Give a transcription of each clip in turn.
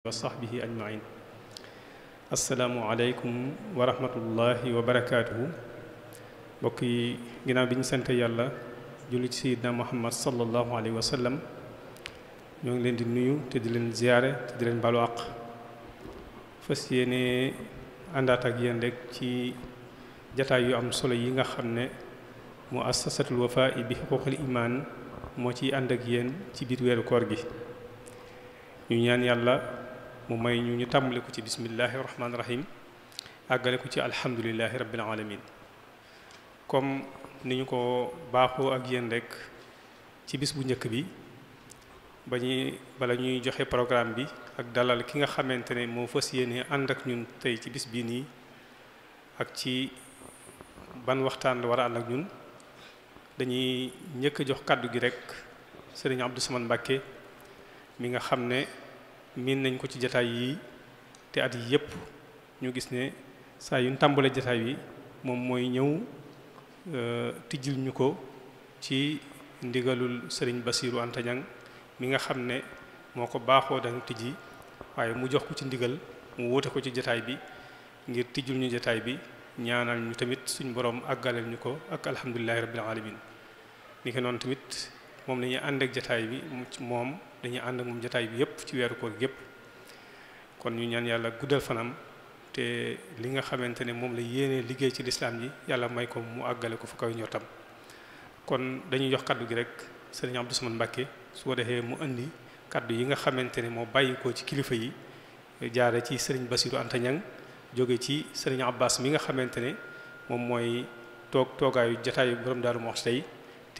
wa saxbihi ajmain asalaamualeykum wa rahmatullahi wa barakaatuhu mbokk yi ginnaaw bi sant yàlla julli ci sayidna muhammad salallahu alayhi wa ñoo ngi leen di nuyu te di leen ziyaare te di leen balu àq fas yéene àndaat ak rek ci jataay yu am solo yi nga xam ne mu assasatul wafaa bi xuququl imaan moo ci ànd ak yéen ci biir weeru koor gi ñu ñaan yàlla mu may ñu ñu tàmbali ko ci bismillahi rahmaani rahim àggale ko ci alhamdulillahi rabbil alamin comme ni ñu ko baaxoo ak yéen rek ci bis bu njëkk bi ba ñuy bala ñuy joxe programme bi ak dalal ki nga xamante ne moo fas yéene ànd ak ñun tey ci bis bi nii ak ci ban waxtaan la war a ànd ak ñun dañuy njëkk a jox kàddu gi rek sëriñ Abdou Samane Mbacke mi nga xam ne miin nañ ko ci jataay yi te at yi yëpp ñu gis ne saa yu ñu tàmbalee jataay yi moom mooy ñëw euh, tijjil ñu ko ci ndigalul sëriñ Basiiru Anta mi nga xam ne moo ko baaxoo daan tijji waaye mu jox ko ci ndigal mu wóote ko ci jataay bi ngir tijjul ñu jataay bi ñaanal ñu tamit suñ borom àggaleel ñu ko ak alhamdulillahi rabbil alamin ni ko tamit moom lañuy ñuy ànd ak jataay bi moom dañuy ànd ak moom jataay bi yëpp ci weeru koor yëpp kon ñu ñaan yàlla guddal fanam te li nga xamante ne moom la yéene liggéey ci lislaam ji yàlla may ko mu àggale ko fu koy ñottam kon dañuy jox kaddu gi rek sëriñ Abdou Samane Mbacke su ko defee mu indi kaddu yi nga xamante ne moo bàyyi ko ci kilifa yi jaare ci sëriñ Bassirou Anta jóge ci sëriñ Abbas mi nga xamante ne moom mooy toog toogaayu jataayu borom Daaru Muxti tey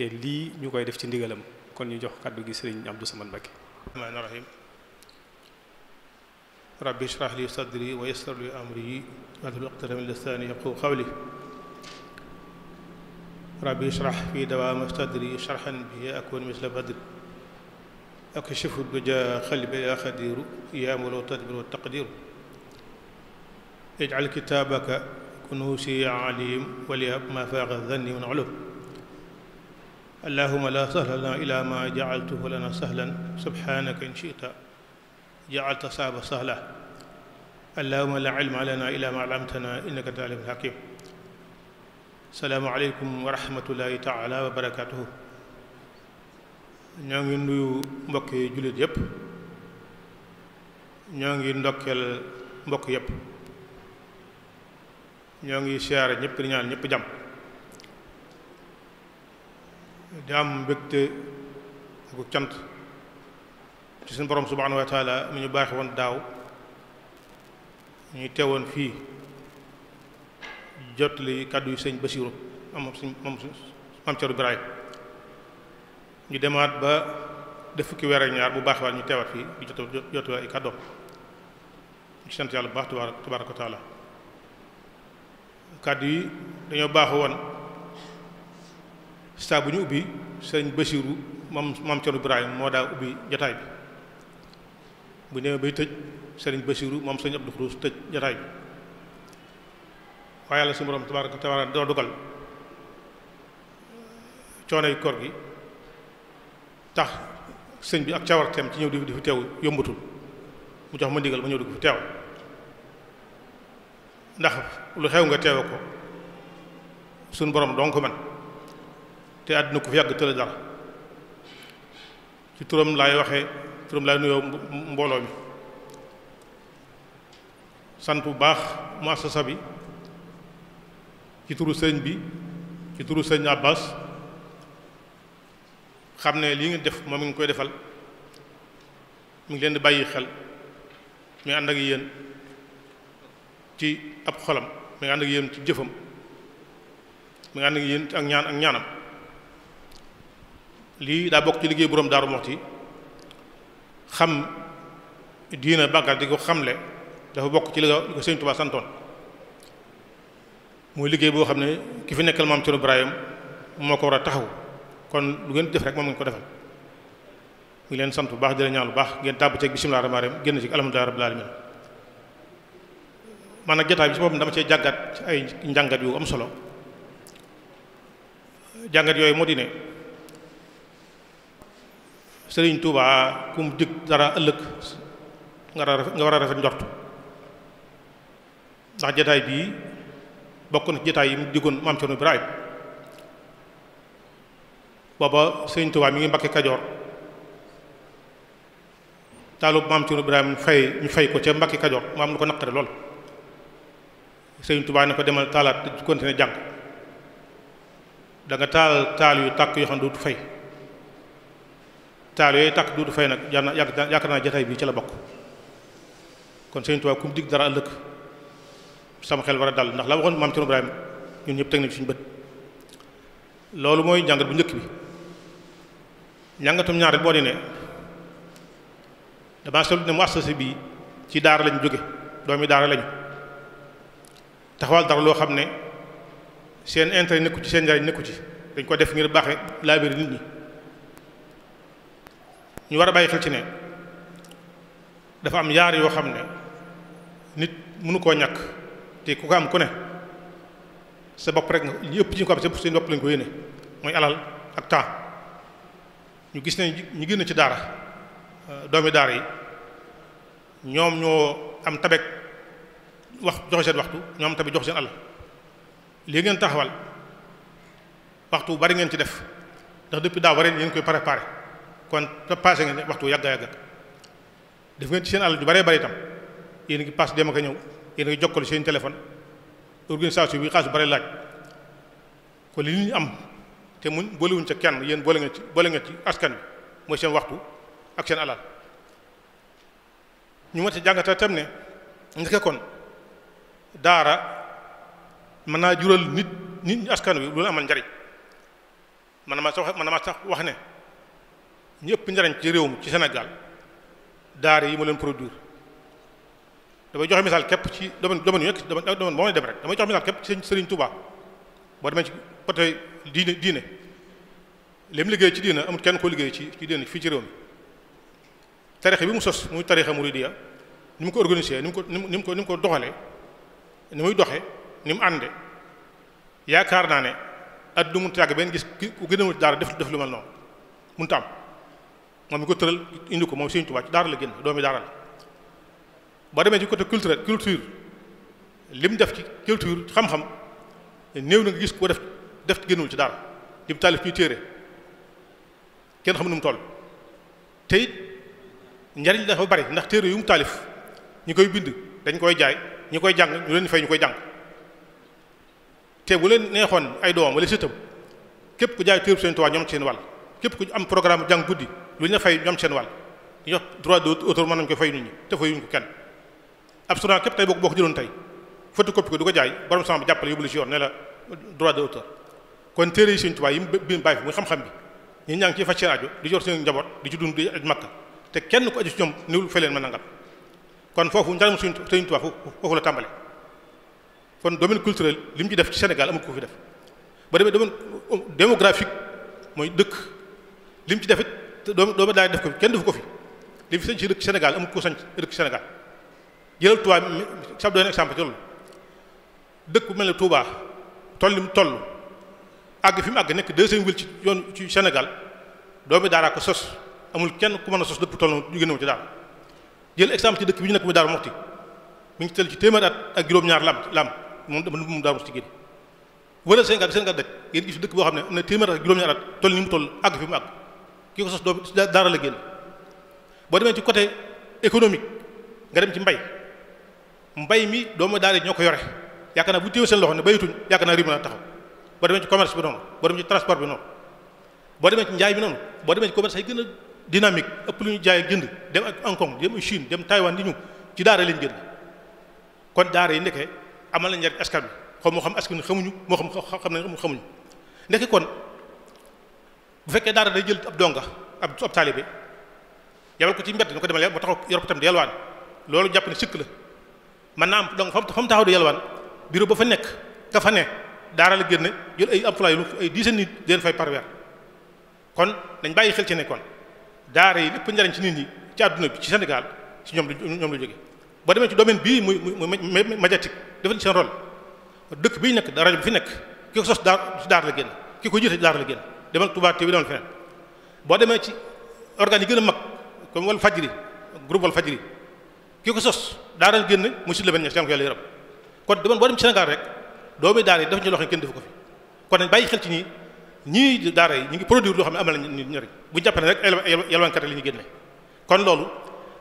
te lii ñu koy def ci ndigalam kon ñu jox kàddu gi sëriñ Abdou Samad Mbacké rahmaani rahim rabbi ishrah li sadri wa yassir li amri wahlul uqdatan min lisani yafqahu qawli rabbi ishrah fi dawami sadri sharhan bihi akun misla badri akshifu duja qalbi ya khadiru ya mulu tadbir wa taqdir ij'al kitabaka kunusi alim wa liyab ma faqa dhanni min ulum allahuma la sahla ila ma jacaltuhu lana sahlan subhanaka in chita jacalta saaba sahla allahuma la ilma lana ila ma allamtana innaka anta alimul hakim salaamu aleykum wa taala wa barakatuhu ñoo ngi nuyu mbokk yi jullit yépp ñoo ngi ndokkeel mbokk yépp ñoo ngi siyaare ñépp di ñaan ñépp jàmm di am mbégte ak cant ci suñu borom subhanahu mu ñu baaxee woon daaw ñu teewoon fii jottali kàddu yu sëñ Basiru moom suñ moom maam ñu demaat ba def fukki weer ñaar bu baax waat ñu teewaat fii di jot jottali ay kàddoom kàddu yi dañoo baax woon saa bu ñu ubbi sëriñ Basiiru moom moom Cerno Ibrahima moo daa ubbi jataay bi bu ñëwee bay tëj sëriñ Basiiru moom sëriñ Abdou Xuruus tëj jataay bi waaye yàlla suñu borom tabaaraka taala doo dugal coono yu koor gi tax sëñ bi ak cawarteem ci ñëw di fi teew yombatul mu jox ma ndigal ma ñëw di ko fi teew ndax lu xew nga teewe ko suñu borom doo ko man te àddina ku fi yàgg tële dara ci turam lay waxee turam laay nuyoo mbooloo mi sant bu baax muassasa bi ci turu sëñ bi ci turu sëñ Abbas xam ne lii nga def moom mi ngi koy defal mu ngi leen di bàyyi xel mi ànd ak yéen ci ab xolam mi ngi ànd ak yéen ci jëfam mi ngi ànd ak yéen ak ñaan ak ñaanam lii daa bokk ci liggéey boroom Daaru Muxti xam diina bàggal di ko xamle dafa bokk ci li ko Sëriñ Tuubaa santoon mooy liggéey boo xam ne ki fi nekkal maam Cerno Ibrahima moo ko war a taxaw kon lu ngeen def rek moom ngeen ko defal mu ngi leen sant bu baax di leen ñaan bu baax ngeen tàbb ceeg bismillahir rahmanir rahim génn ci alhamdulillahi rabbil alamin man nag jotaay bi ci boppam dama cee jàngat ci ay njàngat yu am solo jàngat yooyu moo di sëriñ Touba ku mu jëg dara ëllëg nga war a rafet njort ndax jataay bii bokk na jataay yi mu digoon maam Cerno Ibrahim booba sëriñ Touba mi ngi Mbakke Kajoor taalub maam Cerno Ibrahim fay ñu fay ko ca Mbakke Kajoor mu lu ko naqare lool sëriñ Touba ne ko demal taalaat continuer jàng da nga taal taal yu tàkk yoo xam ne taal yooyu tàkk duudu fey nag yàlla yaakaar naa jataay bii ci la bokk kon Sëriñ Tuubaa ku mu dig dara ëllëg sama xel war a dal ndax la waxoon maam Cerno Ibrahima ñun ñëpp teg nañ ñu bët loolu mooy jàngat bu njëkk bi njàngatum ñaar boo di ne damaa seetlu ne mu assasi bii ci daara lañ jóge doomi daara lañ taxawal dara loo xam ne seen intérêt nekku ci seen njariñ nekku ci dañ ko def ngir baaxe laa biir nit ñi ñu war a bàyyi xel ci ne dafa am yaar yoo xam ne nit mënu koo ñàkk te ku ko am ku ne sa bopp rek nga yëpp ci ñu ko am seen bopp lañ ko yéene mooy alal ak temps ñu gis ne ñu génn ci daara euh, doomi daara yi ñoom ñoo am tabek wax joxe seen waxtu ñoom tamit jox seen alal lii ngeen taxawal waxtu bu bari ngeen ci def ndax depuis daaw ñu ngi koy préparé kon passé ngeen waxtu yàgg yàgg def ngeen seen alal ju baree bari itam yéen ngi passe dem ak ñëw yéen ngi jokkal seen téléphone organisation bi xaalis bu bari laaj ko li ñu am te muñ boolewuñ ca kenn yéen boole nga ci boole ngeen ci askan bi mooy seen waxtu ak seen alal ñu ma ci jàngata tam ne ndeke kon daara mën naa jural nit nit askan wi lu la amal njariñ man ma sax man ma sax wax ne ñëpp njariñ ci réew mi ci Sénégal daar yi ma leen produire damay joxe misaal képp ci domaine domaine yu nekk domaine boo ma dem rek damay joxe misaal képp ci Sëriñ Touba boo demee ci côté diine diine li mu liggéey ci diina amul kenn ko liggéey ci ci diine fii ci réew mi tarixa bi mu sos muy tarixa muridiya ni mu ko organisé ni mu ko ni mu ko ni mu ko ni muy doxe ni mu ànde yaakaar naa ne at du mu tàgg benn gis ku gën a def def lu ma noonu mënut a moom mi ko tëral indi ko moom Sëriñ Tuubaa ci daara la génn doomi daara la demee ci côté culturel culture lim def ci culture xam-xam néew na nga gis ko def def génnul ci daara lim taalif ñuy téere kenn xam nu mu toll te it njariñ dafa bari ndax téere yu mu taalif ñi koy bind dañ koy jaay ñi koy jàng ñu leen fay ñu koy jàng te bu leen neexoon ay doom wala sëtam képp ku jaay téere Sëriñ Tuubaa ñoom seen wàll képp ku am programme jàng guddi lu ñu la fay ñoom seen wàll ñu jox droit d'auteur mën nañu ko fay nit ñi te fayuñu ko kenn boo ko jëloon tey photocopie ko du ko jaay borom sama jàppale yóbbu la ci yoon ne kon téere yi Sëriñ Tuubaa yi bi mu bàyyi fi muy bi ñu ñaa ngi ciy faj seen aajo di jor di ci dund di aj Makka te kenn ko aju ci ñoom niwul fay leen mën nangam kon foofu njaram Sëriñ Sëriñ Tuubaa foofu la tàmbale kon domaine culturel li mu ci def ci Sénégal amul ko fi def ba demee domaine euh, démographique mooy dëkk li mu ci def it te doomu doomu daal def ko kenn defu ko fi li fi sañ ci dëkk Sénégal amul ko sañ dëkk Sénégal jëlal Touba sab doon exemple ci loolu ne Touba toll li mu toll àgg fi mu àgg nekk deuxième ville yoon ci Sénégal doomu daaraa ko sos amul kenn ku mën a sos dëkk bu toll ñu gën a ci daal jël exemple ci dëkk bi ñu nekk mu Daaru Muxti mi ngi tël ci téeméer at ak juróom-ñaar lam lam moom moom Daaru Muxti génn wala Sénégal Sénégal dëkk ngeen gis dëkk boo xam ne am na téeméer at ak juróom-ñaar at toll ni mu toll àgg fi mu àgg ki ko sos doo daara la génn boo demee ci côté économique nga dem ci mbay mbay mi doomu daara ñoo ko yore yaakaar naa bu téew seen loxo ne bayatuñ yaakaar naa rim na taxaw boo demee ci commerce bi noonu boo demee ci transport bi noonu boo demee ci njaay bi noonu boo demee ci commerce ay gën a dynamique ëpp lu ñu jaay ak jënd dem ak Hong Kong dem Chine dem Taïwan di ñu ci daara lañ génn kon daara yi nekkee amal na njariñ askan bi xam moo xam askan xamuñu moo xam xam ne xamuñu nekk kon bu fekkee daara day jël ab donga ab ab taalibe yabal ko ci mbedd ni ko demal mu taxaw yor tam di yalwaan loolu jàpp ne sikk la mën naa am donc fa mu taxaw di yalwaan bureau ba fa nekk ka fa ne daara la génne jël ay employé lu ay dizaine nit deen fay par weer kon dañ bàyyi xel ci ne kon daara yi lépp njariñ ci nit ñi ci àdduna bi ci Sénégal ci ñoom lu ñoom lu jóge boo demee ci domaine bii muy muy médiatique dafa seen rôle dëkk bii nekk rajo bi fi nekk ki ko sos daar ci daar la génn ki ko jiite daar la génn demal Touba TV demal feneen boo demee ci organ yi gën a mag comme wal fajri groupe wal fajri kii ko sos daa daan génn mu sud la benn ña seen ko yàlla yaram kon demoon boo dem ci Sénégal rek doomi daara yi def ñu loo xam kenn defu ko fi kon nañ bàyyi xel ci nii ñii daara yi ñu ngi produit loo xam ne amal na ñu ñëriñ bu ñu jàppee rek yalwaankat li ñu génne kon loolu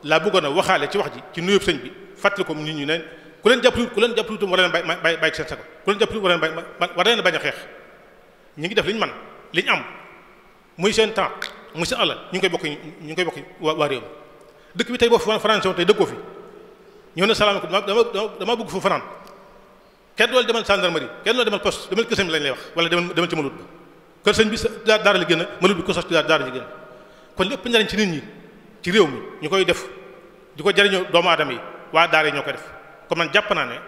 laa bëggoon a waxaale ci wax ji ci nuyub sëñ bi fàttali ko nit ñu ne ku leen jàppale ku leen jàppale itam war leen bàyyi bàyyi seen sago ku leen jàppale war leen bàyyi a xeex ñu ngi def li ñu man li am muy seen temps muy seen alal ñu ngi koy bokk ñu ngi koy bokk waa réew dëkk bi tey boo fanaan soon tey dëkkoo fi ñëw na salaam ko dama dama bëgg fu fanaan kenn dool demal gendarmerie kenn dool demal poste demal kër sëñ bi lañ lay wala demal demal ci malut ba kër sëñ bi ko sos daara li génn kon lépp njariñ ci nit ñi ci réew mi ñu koy def di ko jariñoo doomu aadam yi waa daar yi ñoo koy def kon jàpp naa ne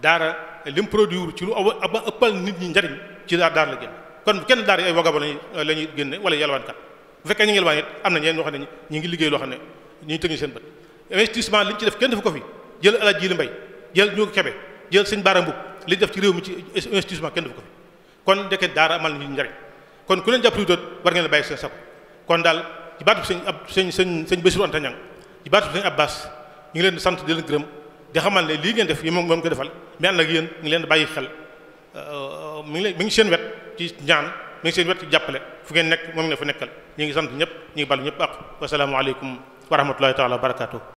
daara lim produire ci lu aw ëppal nit ñi njariñ ci daara la génn kon kenn daara yi ay wagabo euh, lañuy génne wala yalwaankat bu fekkee ñu ngi yalwaan it am na ñeen ñoo xam ne ñu ngi liggéey loo xam ne ñu ngi tëg seen bët investissement li ñu def kenn defu ko fi jël alaj ji li def ci réew mi ci investissement kenn ko fi kon deke daara amal nañu njariñ kon ku leen jàppale doot war ngeen bàyyi seen sako kon daal ci baatu sëñ ab sëñ sëñ sëñ Bassirou Anta Niang ci baatu sëñ Abbas ñu ngi leen di sant di leen gërëm di xamal ne lii ngeen def yi moom moom ko defal mais ànd ak yéen ñu ngi leen xel euh, mu ngi lay mi ngi seen wet ci ñaan mi ngi seen wet ci jàppale fu ngeen nekk moom ne fa nekkal ñu ngi sant ñëpp ñu ngi bal ñëpp ak wasalaamualeykum wa rahmatullahi taala wa barakatuh